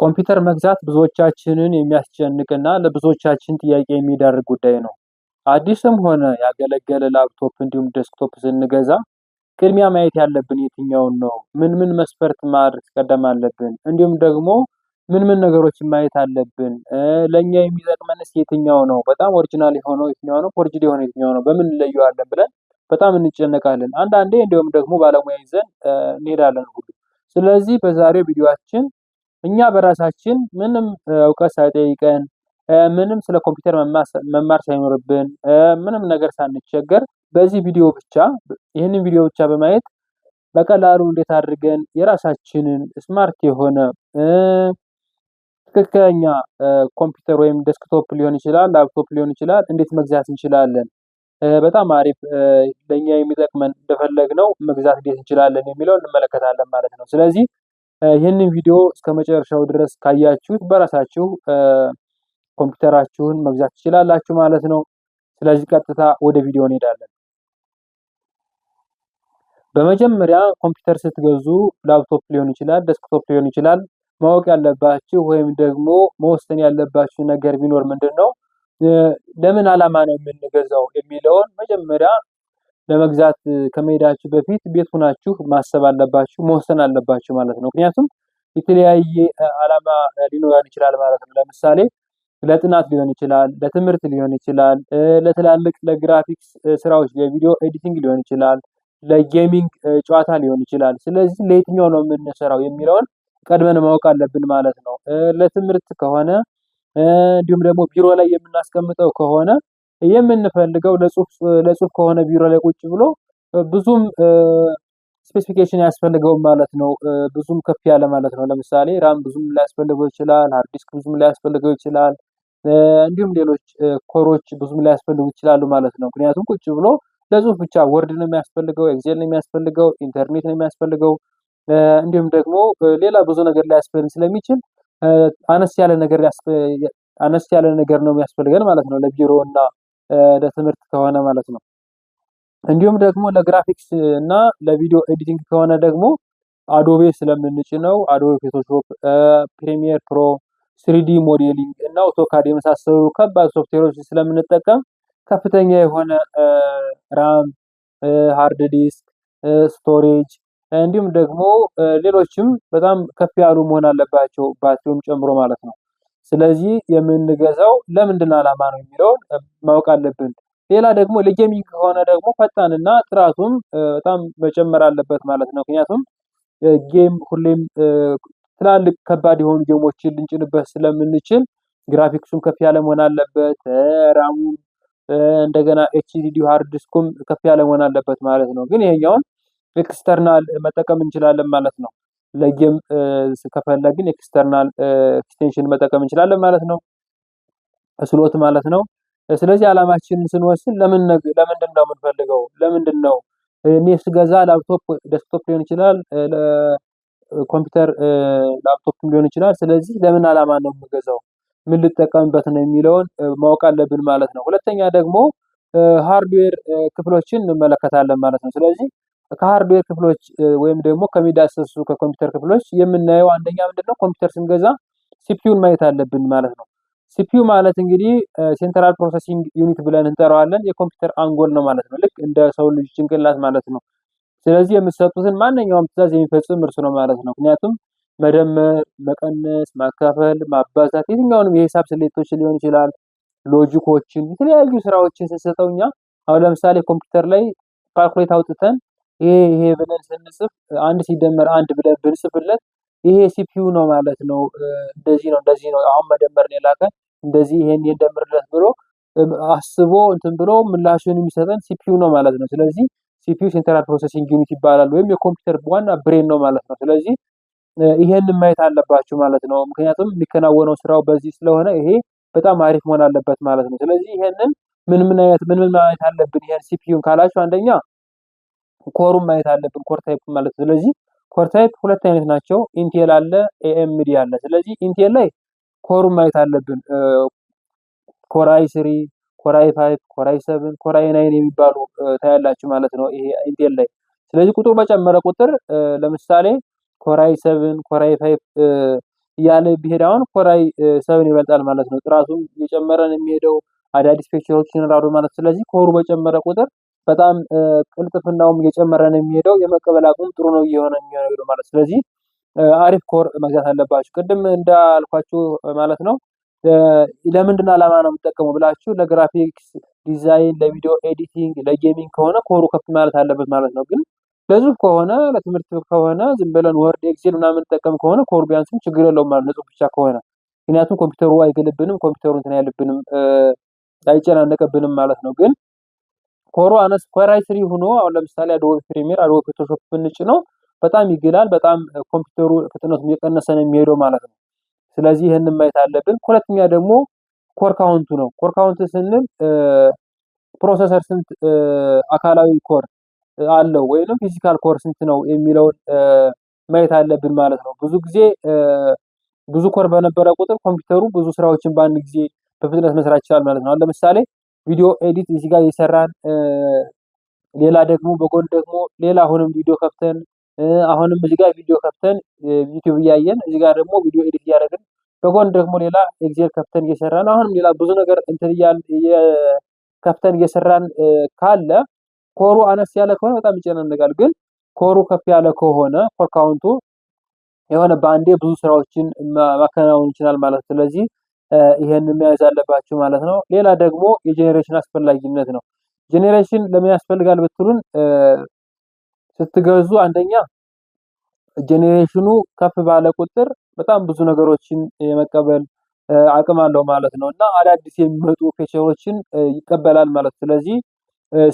ኮምፒውተር መግዛት ብዙዎቻችንን የሚያስጨንቅና ለብዙዎቻችን ጥያቄ የሚዳርግ ጉዳይ ነው። አዲስም ሆነ ያገለገለ ላፕቶፕ እንዲሁም ዴስክቶፕ ስንገዛ ቅድሚያ ማየት ያለብን የትኛውን ነው፣ ምን ምን መስፈርት ማስቀደም አለብን፣ እንዲሁም ደግሞ ምን ምን ነገሮችን ማየት አለብን፣ ለእኛ የሚጠቅመንስ የትኛው ነው፣ በጣም ኦሪጂናል የሆነው የትኛው ነው፣ ፎርጅድ የሆነ የትኛው ነው፣ በምን እንለየዋለን ብለን በጣም እንጨነቃለን። አንዳንዴ እንዲሁም ደግሞ ባለሙያ ይዘን እንሄዳለን ሁሉ። ስለዚህ በዛሬው ቪዲዮችን እኛ በራሳችን ምንም እውቀት ሳይጠይቀን ምንም ስለ ኮምፒውተር መማር ሳይኖርብን ምንም ነገር ሳንቸገር በዚህ ቪዲዮ ብቻ ይህንን ቪዲዮ ብቻ በማየት በቀላሉ እንዴት አድርገን የራሳችንን ስማርት የሆነ ትክክለኛ ኮምፒውተር ወይም ዴስክቶፕ ሊሆን ይችላል፣ ላፕቶፕ ሊሆን ይችላል፣ እንዴት መግዛት እንችላለን፣ በጣም አሪፍ ለእኛ የሚጠቅመን እንደፈለግ ነው መግዛት እንዴት እንችላለን የሚለው እንመለከታለን ማለት ነው። ስለዚህ ይህንን ቪዲዮ እስከ መጨረሻው ድረስ ካያችሁት በራሳችሁ ኮምፒውተራችሁን መግዛት ትችላላችሁ ማለት ነው። ስለዚህ ቀጥታ ወደ ቪዲዮ እንሄዳለን። በመጀመሪያ ኮምፒውተር ስትገዙ ላፕቶፕ ሊሆን ይችላል፣ ዴስክቶፕ ሊሆን ይችላል። ማወቅ ያለባችሁ ወይም ደግሞ መወሰን ያለባችሁ ነገር ቢኖር ምንድን ነው፣ ለምን ዓላማ ነው የምንገዛው የሚለውን መጀመሪያ ለመግዛት ከመሄዳችሁ በፊት ቤት ሁናችሁ ማሰብ አለባችሁ፣ መወሰን አለባችሁ ማለት ነው። ምክንያቱም የተለያየ ዓላማ ሊኖረን ይችላል ማለት ነው። ለምሳሌ ለጥናት ሊሆን ይችላል፣ ለትምህርት ሊሆን ይችላል፣ ለትላልቅ ለግራፊክስ ስራዎች፣ ለቪዲዮ ኤዲቲንግ ሊሆን ይችላል፣ ለጌሚንግ ጨዋታ ሊሆን ይችላል። ስለዚህ ለየትኛው ነው የምንሰራው የሚለውን ቀድመን ማወቅ አለብን ማለት ነው። ለትምህርት ከሆነ እንዲሁም ደግሞ ቢሮ ላይ የምናስቀምጠው ከሆነ የምንፈልገው ለጽሁፍ ለጽሁፍ ከሆነ ቢሮ ላይ ቁጭ ብሎ ብዙም ስፔሲፊኬሽን ያስፈልገውም ማለት ነው። ብዙም ከፍ ያለ ማለት ነው። ለምሳሌ ራም ብዙም ሊያስፈልገው ይችላል። ሃርድ ዲስክ ብዙም ሊያስፈልገው ይችላል። እንዲሁም ሌሎች ኮሮች ብዙም ሊያስፈልጉ ይችላሉ ማለት ነው። ምክንያቱም ቁጭ ብሎ ለጽሁፍ ብቻ ወርድ ነው የሚያስፈልገው፣ ኤክሴል ነው የሚያስፈልገው፣ ኢንተርኔት ነው የሚያስፈልገው፣ እንዲሁም ደግሞ ሌላ ብዙ ነገር ሊያስፈልግ ስለሚችል አነስ ያለ ነገር አነስ ያለ ነገር ነው የሚያስፈልገን ማለት ነው ለቢሮ እና ለትምህርት ከሆነ ማለት ነው። እንዲሁም ደግሞ ለግራፊክስ እና ለቪዲዮ ኤዲቲንግ ከሆነ ደግሞ አዶቤ ስለምንጭ ነው። አዶቤ ፎቶሾፕ፣ ፕሪሚየር ፕሮ፣ ስሪዲ ሞዴሊንግ እና ኦቶካድ የመሳሰሉ ከባድ ሶፍትዌሮች ስለምንጠቀም ከፍተኛ የሆነ ራም፣ ሃርድ ዲስክ፣ ስቶሬጅ እንዲሁም ደግሞ ሌሎችም በጣም ከፍ ያሉ መሆን አለባቸው ባትሪውም ጨምሮ ማለት ነው። ስለዚህ የምንገዛው ለምንድን ዓላማ ነው የሚለውን ማወቅ አለብን። ሌላ ደግሞ ለጌሚንግ ከሆነ ደግሞ ፈጣንና ጥራቱም በጣም መጨመር አለበት ማለት ነው። ምክንያቱም ጌም ሁሌም ትላልቅ ከባድ የሆኑ ጌሞችን ልንጭንበት ስለምንችል ግራፊክሱም ከፍ ያለ መሆን አለበት። ራሙ እንደገና ኤችዲዲ ሃርድ ዲስኩም ከፍ ያለ መሆን አለበት ማለት ነው። ግን ይሄኛውን ኤክስተርናል መጠቀም እንችላለን ማለት ነው። ለጌም ስከፈለግን ኤክስተርናል ኤክስቴንሽን መጠቀም እንችላለን ማለት ነው። ስሎት ማለት ነው። ስለዚህ አላማችንን ስንወስን ለምን ለምንድን ነው የምንፈልገው? ለምንድን ነው እኔ ስገዛ ላፕቶፕ ዴስክቶፕ ሊሆን ይችላል፣ ለኮምፒውተር ላፕቶፕ ሊሆን ይችላል። ስለዚህ ለምን አላማ ነው የምገዛው? ምን ልጠቀምበት ነው የሚለውን ማወቅ አለብን ማለት ነው። ሁለተኛ ደግሞ ሃርድዌር ክፍሎችን እንመለከታለን ማለት ነው። ስለዚህ ከሃርድዌር ክፍሎች ወይም ደግሞ ከሚዳሰሱ ከኮምፒውተር ክፍሎች የምናየው አንደኛ ምንድነው ኮምፒውተር ስንገዛ ሲፒዩን ማየት አለብን ማለት ነው። ሲፒዩ ማለት እንግዲህ ሴንትራል ፕሮሰሲንግ ዩኒት ብለን እንጠራዋለን። የኮምፒውተር አንጎል ነው ማለት ነው። ልክ እንደ ሰው ልጅ ጭንቅላት ማለት ነው። ስለዚህ የምትሰጡትን ማንኛውም ትዕዛዝ የሚፈጽም እርሱ ነው ማለት ነው። ምክንያቱም መደመር፣ መቀነስ፣ ማካፈል፣ ማባዛት የትኛውንም የሂሳብ ስሌቶች ሊሆን ይችላል ሎጂኮችን የተለያዩ ስራዎችን ስንሰጠው እኛ አሁን ለምሳሌ ኮምፒውተር ላይ ካልኩሌት አውጥተን ይሄ ይሄ ብለን ስንጽፍ አንድ ሲደመር አንድ ብለን ብንጽፍለት ይሄ ሲፒዩ ነው ማለት ነው። እንደዚህ ነው እንደዚህ ነው አሁን መደመር ነው እንደዚህ ይሄን የደምርለት ብሎ አስቦ እንትን ብሎ ምላሹን የሚሰጠን ሲፒዩ ነው ማለት ነው። ስለዚህ ሲፒዩ ሴንትራል ፕሮሰሲንግ ዩኒት ይባላል፣ ወይም የኮምፒውተር ዋና ብሬን ነው ማለት ነው። ስለዚህ ይሄን ማየት አለባችሁ ማለት ነው። ምክንያቱም የሚከናወነው ስራው በዚህ ስለሆነ ይሄ በጣም አሪፍ መሆን አለበት ማለት ነው። ስለዚህ ይሄንን ምን ምን አይነት ምን ምን ማየት አለብን ይሄን ሲፒዩን ካላችሁ አንደኛ ኮሩን ማየት አለብን። ኮር ታይፕ ማለት ስለዚህ ኮር ታይፕ ሁለት አይነት ናቸው። ኢንቴል አለ፣ ኤኤምዲ አለ። ስለዚህ ኢንቴል ላይ ኮሩን ማየት አለብን። ኮር አይ ስሪ፣ ኮር አይ 5 ኮር አይ 7 ኮር አይ ናይን የሚባሉ ታያላችሁ ማለት ነው ይሄ ኢንቴል ላይ። ስለዚህ ቁጥሩ በጨመረ ቁጥር ለምሳሌ ኮር አይ 7 ኮር አይ 5 እያለ ቢሄድ አሁን ኮር አይ 7 ይበልጣል ማለት ነው። ጥራቱም እየጨመረን የሚሄደው አዳዲስ ፊቸሮች ይኖራሉ ማለት ስለዚህ ኮሩ በጨመረ ቁጥር በጣም ቅልጥፍናውም እየጨመረ ነው የሚሄደው። የመቀበል አቅሙም ጥሩ ነው እየሆነ የሚሆነ ማለት ስለዚህ አሪፍ ኮር መግዛት አለባችሁ። ቅድም እንዳልኳችሁ ማለት ነው ለምንድን ዓላማ ነው የምጠቀመው ብላችሁ ለግራፊክስ ዲዛይን፣ ለቪዲዮ ኤዲቲንግ፣ ለጌሚንግ ከሆነ ኮሩ ከፍ ማለት አለበት ማለት ነው። ግን ለጽሁፍ ከሆነ ለትምህርት ከሆነ ዝም ብለን ወርድ ኤክሴል ምናምን ጠቀም ከሆነ ኮር ቢያንስም ችግር የለውም ማለት ለጽሁፍ ብቻ ከሆነ ምክንያቱም ኮምፒውተሩ አይገልብንም፣ ኮምፒውተሩ እንትን አይልብንም፣ አይጨናነቀብንም ማለት ነው ግን ኮሮ አነስ ስሪ ሆኖ አሁን ለምሳሌ አዶቤ ፕሪሚየር አዶቤ ፎቶሾፕ ነው። በጣም ይግላል። በጣም ኮምፒውተሩ ፍጥነቱ እየቀነሰ ነው የሚሄደው ማለት ነው። ስለዚህ ይህንን ማየት አለብን። ሁለተኛ ደግሞ ኮር ካውንቱ ነው። ኮር ካውንት ስንል ፕሮሰሰር ስንት አካላዊ ኮር አለው ወይም ፊዚካል ኮር ስንት ነው የሚለውን ማየት አለብን ማለት ነው። ብዙ ጊዜ ብዙ ኮር በነበረ ቁጥር ኮምፒውተሩ ብዙ ስራዎችን በአንድ ጊዜ በፍጥነት መስራት ይችላል ማለት ነው። ለምሳሌ ቪዲዮ ኤዲት እዚህ ጋር እየሰራን ሌላ ደግሞ በጎን ደግሞ ሌላ አሁንም ቪዲዮ ከፍተን አሁንም እዚህ ጋር ቪዲዮ ከፍተን ዩቲዩብ እያየን እዚህ ጋር ደግሞ ቪዲዮ ኤዲት እያደረግን በጎን ደግሞ ሌላ ኤግዜል ከፍተን እየሰራን አሁንም ሌላ ብዙ ነገር እንትን ከፍተን እየሰራን ካለ ኮሩ አነስ ያለ ከሆነ በጣም ይጨናነቃል። ግን ኮሩ ከፍ ያለ ከሆነ ኮር ካውንቱ የሆነ በአንዴ ብዙ ስራዎችን ማከናወን ይችላል ማለት ስለዚህ ይሄን መያዝ አለባችሁ ማለት ነው። ሌላ ደግሞ የጄኔሬሽን አስፈላጊነት ነው። ጄኔሬሽን ለምን ያስፈልጋል ብትሉን ስትገዙ አንደኛ ጄኔሬሽኑ ከፍ ባለ ቁጥር በጣም ብዙ ነገሮችን የመቀበል አቅም አለው ማለት ነው እና አዳዲስ የሚመጡ ፌቸሮችን ይቀበላል ማለት ስለዚህ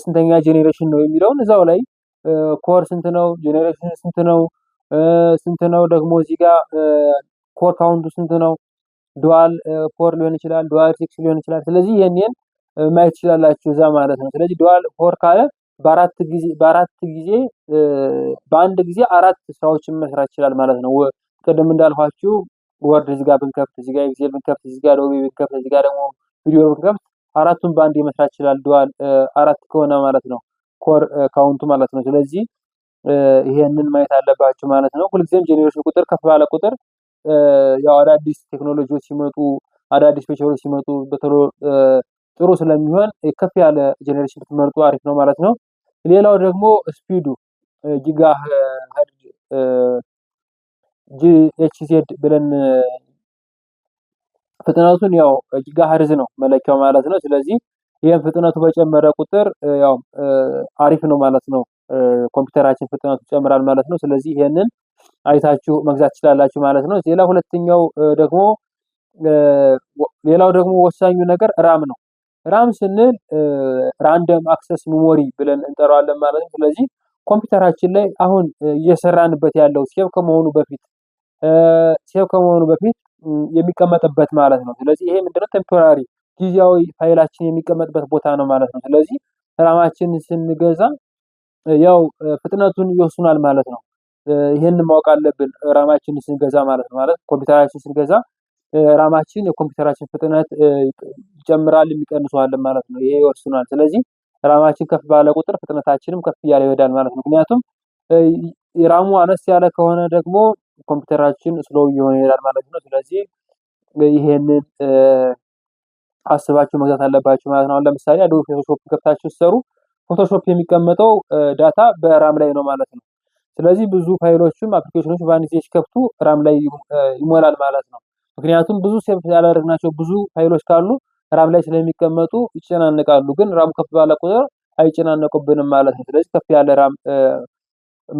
ስንተኛ ጄኔሬሽን ነው የሚለውን እዛው ላይ ኮር ስንት ነው፣ ጄኔሬሽን ስንት ነው፣ ስንት ነው ደግሞ እዚህ ጋር ኮር ካውንቱ ስንት ነው ዱዋል ኮር ሊሆን ይችላል፣ ዱዋል ሲክስ ሊሆን ይችላል። ስለዚህ ይህንን ማየት ትችላላችሁ እዛ ማለት ነው። ስለዚህ ዱዋል ኮር ካለ በአራት ጊዜ በአራት ጊዜ በአንድ ጊዜ አራት ስራዎችን መስራት ይችላል ማለት ነው። ቅድም እንዳልኋችሁ ወርድ እዚህ ጋር ብንከፍት፣ እዚህ ጋር ኤክሴል ብንከፍት፣ እዚህ ጋር ዶቢ ብንከፍት፣ እዚህ ጋር ደግሞ ቪዲዮ ብንከፍት አራቱን በአንድ መስራት ይችላል። ዱዋል አራት ከሆነ ማለት ነው ኮር ካውንቱ ማለት ነው። ስለዚህ ይሄንን ማየት አለባችሁ ማለት ነው። ሁልጊዜም ጄኔሬሽን ቁጥር ከፍ ባለ ቁጥር ያው አዳዲስ ቴክኖሎጂዎች ሲመጡ አዳዲስ ፊቸሮች ሲመጡ በቶሎ ጥሩ ስለሚሆን ከፍ ያለ ጀኔሬሽን ብትመርጡ አሪፍ ነው ማለት ነው። ሌላው ደግሞ ስፒዱ ጊጋ ሀድ ጂኤችዜድ ብለን ፍጥነቱን ያው ጊጋ ሀርዝ ነው መለኪያው ማለት ነው። ስለዚህ ይህም ፍጥነቱ በጨመረ ቁጥር ያው አሪፍ ነው ማለት ነው። ኮምፒውተራችን ፍጥነቱ ይጨምራል ማለት ነው። ስለዚህ ይሄንን አይታችሁ መግዛት ትችላላችሁ ማለት ነው። ሌላ ሁለተኛው ደግሞ ሌላው ደግሞ ወሳኙ ነገር ራም ነው። ራም ስንል ራንደም አክሰስ ሚሞሪ ብለን እንጠራዋለን ማለት ነው። ስለዚህ ኮምፒውተራችን ላይ አሁን እየሰራንበት ያለው ሴቭ ከመሆኑ በፊት ሴቭ ከመሆኑ በፊት የሚቀመጥበት ማለት ነው። ስለዚህ ይሄ ምንድነው ቴምፖራሪ ጊዜያዊ ፋይላችን የሚቀመጥበት ቦታ ነው ማለት ነው። ስለዚህ ራማችን ስንገዛ ያው ፍጥነቱን ይወስናል ማለት ነው። ይህን ማወቅ አለብን ራማችን ስንገዛ ማለት ነው። ማለት ኮምፒውተራችን ስንገዛ ራማችን የኮምፒውተራችን ፍጥነት ይጨምራል የሚቀንሰዋለን ማለት ነው። ይሄ ይወስኗል። ስለዚህ ራማችን ከፍ ባለ ቁጥር ፍጥነታችንም ከፍ እያለ ይሄዳል ማለት ነው። ምክንያቱም ራሙ አነስ ያለ ከሆነ ደግሞ ኮምፒውተራችን ስሎው እየሆነ ይሄዳል ማለት ነው። ስለዚህ ይሄንን አስባችሁ መግዛት አለባችሁ ማለት ነው። አሁን ለምሳሌ አዶቢ ፎቶሾፕ ከፍታችሁ ሲሰሩ ፎቶሾፕ የሚቀመጠው ዳታ በራም ላይ ነው ማለት ነው። ስለዚህ ብዙ ፋይሎችም አፕሊኬሽኖች በአንድ ጊዜ ሲከፍቱ ራም ላይ ይሞላል ማለት ነው። ምክንያቱም ብዙ ሴቭ ያላደረግናቸው ብዙ ፋይሎች ካሉ ራም ላይ ስለሚቀመጡ ይጨናነቃሉ። ግን ራሙ ከፍ ባለ ቁጥር አይጨናነቁብንም ማለት ነው። ስለዚህ ከፍ ያለ ራም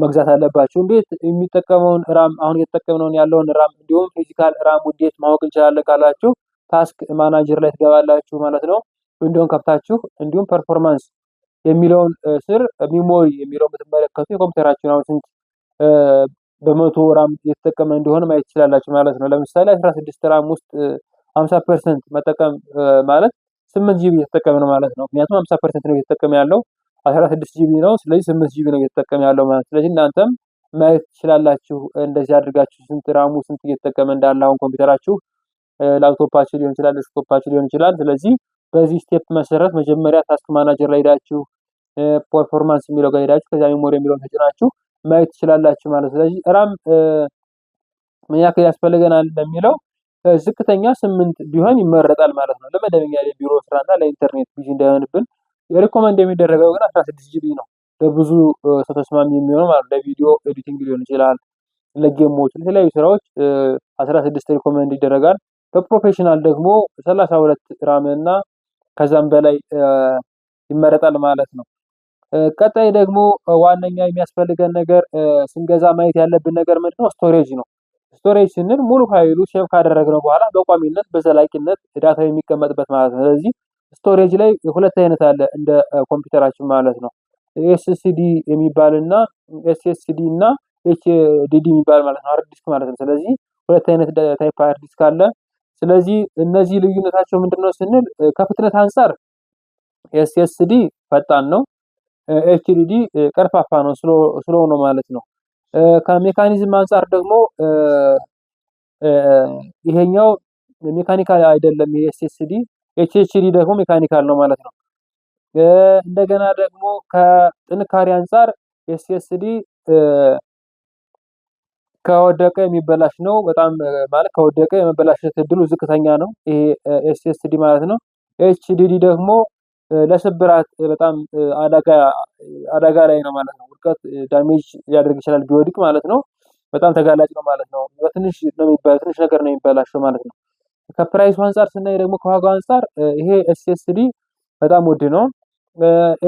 መግዛት አለባቸው። እንዴት የሚጠቀመውን ራም አሁን እየተጠቀምነውን ያለውን ራም እንዲሁም ፊዚካል ራም እንዴት ማወቅ እንችላለን ካላችሁ ታስክ ማናጀር ላይ ትገባላችሁ ማለት ነው። ዊንዶውን ከፍታችሁ እንዲሁም ፐርፎርማንስ የሚለውን ስር ሚሞሪ የሚለው ብትመለከቱ የኮምፒውተራችን አሁን ስንት በመቶ ራም እየተጠቀመ እንደሆነ ማየት ትችላላችሁ ማለት ነው። ለምሳሌ 16 ራም ውስጥ 50 ፐርሰንት መጠቀም ማለት 8 ጂቢ እየተጠቀመ ነው ማለት ነው። ምክንያቱም 50 ፐርሰንት ነው እየተጠቀመ ያለው 16 ጂቢ ነው። ስለዚህ 8 ጂቢ ነው እየተጠቀመ ያለው ማለት ስለዚህ እናንተም ማየት ትችላላችሁ እንደዚህ አድርጋችሁ ስንት ራሙ ስንት እየተጠቀመ እንዳለ አሁን ኮምፒውተራችሁ ላፕቶፓችሁ ሊሆን ይችላል ዴስክቶፓችሁ ሊሆን ይችላል። ስለዚህ በዚህ ስቴፕ መሰረት መጀመሪያ ታስክ ማናጀር ላይ ሄዳችሁ ፐርፎርማንስ የሚለው ጋር ሄዳችሁ ከዛ ሜሞሪ የሚለውን ተጭናችሁ ማየት ትችላላችሁ ማለት ነው። ስለዚህ ራም ምን ያክል ያስፈልገናል ለሚለው ዝቅተኛ ስምንት ቢሆን ይመረጣል ማለት ነው። ለመደበኛ የቢሮ ስራና ለኢንተርኔት ቢዚ እንዳይሆንብን ሪኮመንድ የሚደረገው ግን አስራ ስድስት ጂቢ ነው። ለብዙ ሰው ተስማሚ የሚሆነው ማለት ለቪዲዮ ኤዲቲንግ ሊሆን ይችላል፣ ለጌሞች፣ ለተለያዩ ስራዎች አስራ ስድስት ሪኮመንድ ይደረጋል። በፕሮፌሽናል ደግሞ ሰላሳ ሁለት ራም እና ከዛም በላይ ይመረጣል ማለት ነው። ቀጣይ ደግሞ ዋነኛ የሚያስፈልገን ነገር ስንገዛ ማየት ያለብን ነገር ምንድነው? ስቶሬጅ ነው። ስቶሬጅ ስንል ሙሉ ፋይሉ ሴቭ ካደረግነው በኋላ በቋሚነት በዘላቂነት ዳታ የሚቀመጥበት ማለት ነው። ስለዚህ ስቶሬጅ ላይ ሁለት አይነት አለ እንደ ኮምፒውተራችን ማለት ነው። ኤስኤስዲ የሚባልና ኤስኤስዲ እና ኤችዲዲ የሚባል ማለት ነው፣ ሃርድ ዲስክ ማለት ነው። ስለዚህ ሁለት አይነት ታይፕ ሃርድ ዲስክ አለ። ስለዚህ እነዚህ ልዩነታቸው ምንድነው ስንል ከፍጥነት አንጻር ኤስኤስዲ ፈጣን ነው። ኤችዲዲ ቀርፋፋ ነው ስለሆነ ማለት ነው። ከሜካኒዝም አንጻር ደግሞ ይሄኛው ሜካኒካል አይደለም። ኤስኤስዲ ኤችኤችዲ ደግሞ ሜካኒካል ነው ማለት ነው። እንደገና ደግሞ ከጥንካሬ አንጻር ኤስኤስዲ ከወደቀ የሚበላሽ ነው። በጣም ማለት ከወደቀ የመበላሸት እድሉ ዝቅተኛ ነው። ይሄ ኤስኤስዲ ማለት ነው። ኤችዲዲ ደግሞ ለስብራት በጣም አደጋ ላይ ነው ማለት ነው። ውድቀት ዳሜጅ ሊያደርግ ይችላል ቢወድቅ ማለት ነው። በጣም ተጋላጭ ነው ማለት ነው። በትንሽ ነገር ነው የሚበላሸው ማለት ነው። ከፕራይሱ አንጻር ስናይ ደግሞ ከዋጋው አንጻር ይሄ ኤስኤስዲ በጣም ውድ ነው።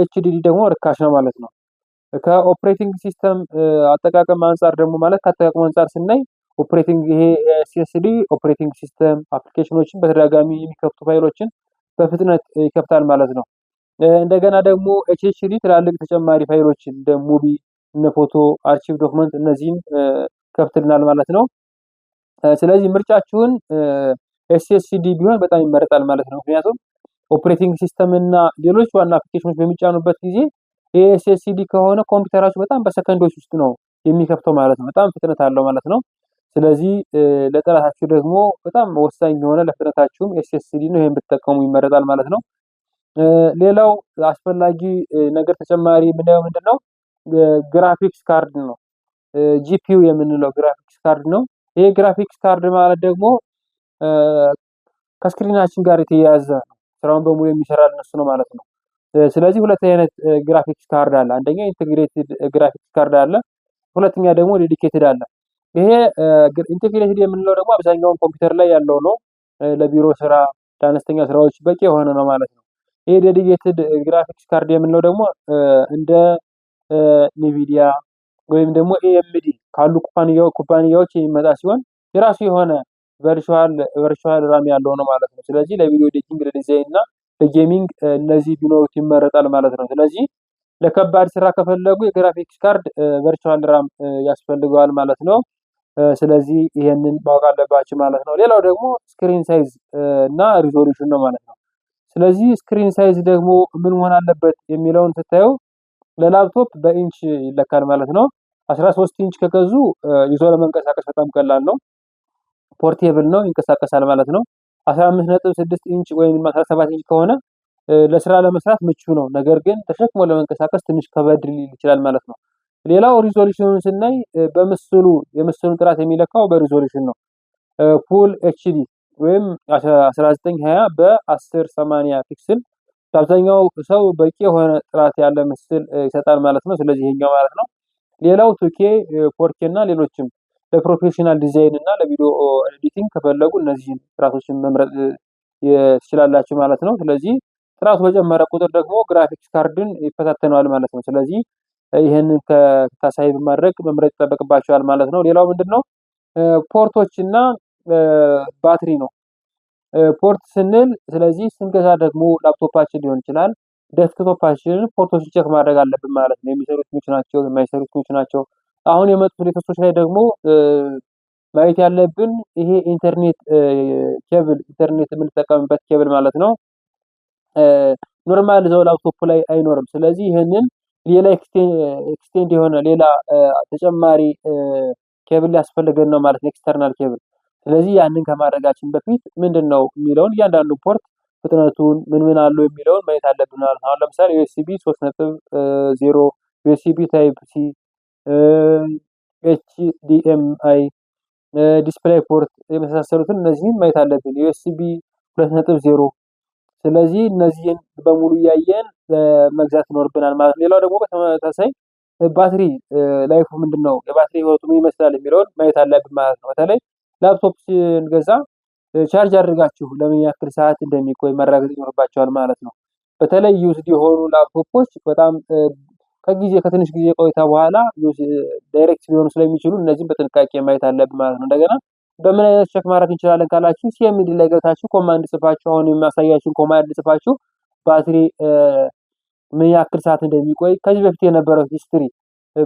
ኤችዲዲ ደግሞ ርካሽ ነው ማለት ነው። ከኦፕሬቲንግ ሲስተም አጠቃቀም አንጻር ደግሞ ማለት ከአጠቃቀም አንጻር ስናይ ኦፕሬቲንግ ይሄ ኤስኤስዲ ኦፕሬቲንግ ሲስተም አፕሊኬሽኖችን በተደጋጋሚ የሚከፍቱ ፋይሎችን በፍጥነት ይከፍታል ማለት ነው። እንደገና ደግሞ ኤችኤችዲ ትላልቅ ተጨማሪ ፋይሎች እንደ ሙቢ፣ እነ ፎቶ፣ አርቺቭ ዶክመንት እነዚህም ከፍትልናል ማለት ነው። ስለዚህ ምርጫችሁን ኤስኤስዲ ቢሆን በጣም ይመረጣል ማለት ነው። ምክንያቱም ኦፕሬቲንግ ሲስተም እና ሌሎች ዋና አፕሊኬሽኖች በሚጫኑበት ጊዜ የኤስኤስሲዲ ከሆነ ኮምፒውተራችሁ በጣም በሰከንዶች ውስጥ ነው የሚከፍተው ማለት ነው። በጣም ፍጥነት አለው ማለት ነው። ስለዚህ ለጥናታችሁ ደግሞ በጣም ወሳኝ የሆነ ለፍጥነታችሁም ኤስኤስዲ ነው። ይሄን ብትጠቀሙ ይመረጣል ማለት ነው። ሌላው አስፈላጊ ነገር ተጨማሪ የምናየው ምንድን ነው? ግራፊክስ ካርድ ነው። ጂፒዩ የምንለው ግራፊክስ ካርድ ነው። ይሄ ግራፊክስ ካርድ ማለት ደግሞ ከስክሪናችን ጋር የተያያዘ ስራውን በሙሉ የሚሰራ እነሱ ነው ማለት ነው። ስለዚህ ሁለት አይነት ግራፊክስ ካርድ አለ። አንደኛ ኢንቴግሬትድ ግራፊክስ ካርድ አለ። ሁለተኛ ደግሞ ዴዲኬትድ አለ። ይሄ ኢንተግሬትድ የምንለው ደግሞ አብዛኛውን ኮምፒውተር ላይ ያለው ነው። ለቢሮ ስራ፣ ለአነስተኛ ስራዎች በቂ የሆነ ነው ማለት ነው። ይሄ ዴዲኬትድ ግራፊክስ ካርድ የምንለው ደግሞ እንደ ኒቪዲያ ወይም ደግሞ ኤኤምዲ ካሉ ኩባንያዎች የሚመጣ ሲሆን የራሱ የሆነ ቨርቹዋል ራም ያለው ነው ማለት ነው። ስለዚህ ለቪዲዮ ኤዲቲንግ፣ ለዲዛይን እና ለጌሚንግ እነዚህ ቢኖሩት ይመረጣል ማለት ነው። ስለዚህ ለከባድ ስራ ከፈለጉ የግራፊክስ ካርድ ቨርቹዋል ራም ያስፈልገዋል ማለት ነው። ስለዚህ ይሄንን ማወቅ አለባችሁ ማለት ነው። ሌላው ደግሞ ስክሪን ሳይዝ እና ሪዞሉሽን ነው ማለት ነው። ስለዚህ ስክሪን ሳይዝ ደግሞ ምን መሆን አለበት የሚለውን ስታዩ ለላፕቶፕ በኢንች ይለካል ማለት ነው። 13 ኢንች ከገዙ ይዞ ለመንቀሳቀስ በጣም ቀላል ነው። ፖርቴብል ነው፣ ይንቀሳቀሳል ማለት ነው። 15.6 ኢንች ወይም 17 ኢንች ከሆነ ለስራ ለመስራት ምቹ ነው። ነገር ግን ተሸክሞ ለመንቀሳቀስ ትንሽ ከበድ ሊል ይችላል ማለት ነው። ሌላው ሪዞሉሽኑን ስናይ በምስሉ የምስሉን ጥራት የሚለካው በሪዞሉሽን ነው። ፉል ኤችዲ ወይም 1920 በ1080 ፒክስል አብዛኛው ሰው በቂ የሆነ ጥራት ያለ ምስል ይሰጣል ማለት ነው። ስለዚህ ይሄኛው ማለት ነው። ሌላው ቱኬ ፎርኬ እና ሌሎችም ለፕሮፌሽናል ዲዛይን እና ለቪዲዮ ኤዲቲንግ ከፈለጉ እነዚህን ጥራቶችን መምረጥ ትችላላችሁ ማለት ነው። ስለዚህ ጥራቱ በጨመረ ቁጥር ደግሞ ግራፊክስ ካርድን ይፈታተነዋል ማለት ነው። ስለዚህ ይህንን ከታሳቢ በማድረግ መምረጥ ይጠበቅባቸዋል ማለት ነው። ሌላው ምንድን ነው? ፖርቶች እና ባትሪ ነው። ፖርት ስንል ስለዚህ ስንገዛ ደግሞ ላፕቶፓችን ሊሆን ይችላል ደስክቶፓችን ፖርቶችን ቼክ ማድረግ አለብን ማለት ነው። የሚሰሩት ሚች ናቸው፣ የማይሰሩት ሚች ናቸው። አሁን የመጡት ሌተስቶች ላይ ደግሞ ማየት ያለብን ይሄ ኢንተርኔት ኬብል ኢንተርኔት የምንጠቀምበት ኬብል ማለት ነው። ኖርማል ዘው ላፕቶፕ ላይ አይኖርም። ስለዚህ ይህንን ሌላ ኤክስቴንድ የሆነ ሌላ ተጨማሪ ኬብል ሊያስፈልገን ነው ማለት ነው፣ ኤክስተርናል ኬብል። ስለዚህ ያንን ከማድረጋችን በፊት ምንድን ነው የሚለውን እያንዳንዱ ፖርት ፍጥነቱን ምን ምን አለው የሚለውን ማየት አለብን ማለት ነው። አሁን ለምሳሌ ዩኤስቢ ሶስት ነጥብ ዜሮ ዩኤስቢ ታይፕ ሲ፣ ኤችዲኤምአይ፣ ዲስፕላይ ፖርት የመሳሰሉትን እነዚህን ማየት አለብን። ዩኤስቢ ሁለት ነጥብ ዜሮ ስለዚህ እነዚህን በሙሉ እያየን መግዛት ይኖርብናል ማለት ነው። ሌላው ደግሞ በተመሳሳይ ባትሪ ላይፉ ምንድን ነው፣ የባትሪ ህይወቱ ምን ይመስላል የሚለውን ማየት አለብን ማለት ነው። በተለይ ላፕቶፕ ስንገዛ ቻርጅ አድርጋችሁ ለምን ያክል ሰዓት እንደሚቆይ መረጋገጥ ይኖርባቸዋል ማለት ነው። በተለይ ዩስድ የሆኑ ላፕቶፖች በጣም ከጊዜ ከትንሽ ጊዜ ቆይታ በኋላ ዳይሬክት ሊሆኑ ስለሚችሉ እነዚህም በጥንቃቄ ማየት አለብን ማለት ነው። እንደገና በምን አይነት ቼክ ማድረግ እንችላለን ካላችሁ ሲኤምዲ ላይ ገብታችሁ ኮማንድ ጽፋችሁ አሁን የሚያሳያችሁን ኮማንድ ጽፋችሁ ባትሪ ምን ያክል ሰዓት እንደሚቆይ ከዚህ በፊት የነበረው ሂስትሪ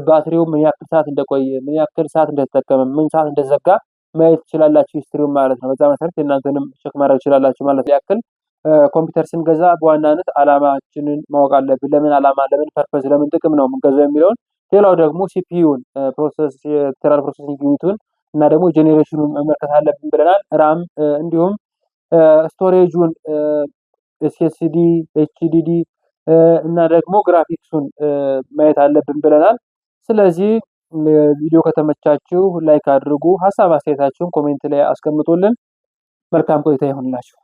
ባትሪው ምን ያክል ሰዓት እንደቆየ ምን ያክል ሰዓት እንደተጠቀመ ምን ሰዓት እንደዘጋ ማየት ትችላላችሁ፣ ሂስትሪው ማለት ነው። በዛ መሰረት የእናንተንም ቼክ ማድረግ ትችላላችሁ ማለት ያክል ኮምፒውተር ስንገዛ በዋናነት አላማችንን ማወቅ አለብን። ለምን አላማ፣ ለምን ፐርፐዝ፣ ለምን ጥቅም ነው የምንገዛው የሚለውን ሌላው ደግሞ ሲፒዩን ፕሮሰስ ቴራል ፕሮሰሲንግ ዩኒቱን እና ደግሞ ጄኔሬሽኑን መመልከት አለብን ብለናል። ራም እንዲሁም ስቶሬጁን ኤስኤስዲ፣ ኤችዲዲ እና ደግሞ ግራፊክሱን ማየት አለብን ብለናል። ስለዚህ ቪዲዮ ከተመቻችሁ ላይክ አድርጉ፣ ሀሳብ አስተያየታችሁን ኮሜንት ላይ አስቀምጡልን። መልካም ቆይታ ይሆንላችሁ።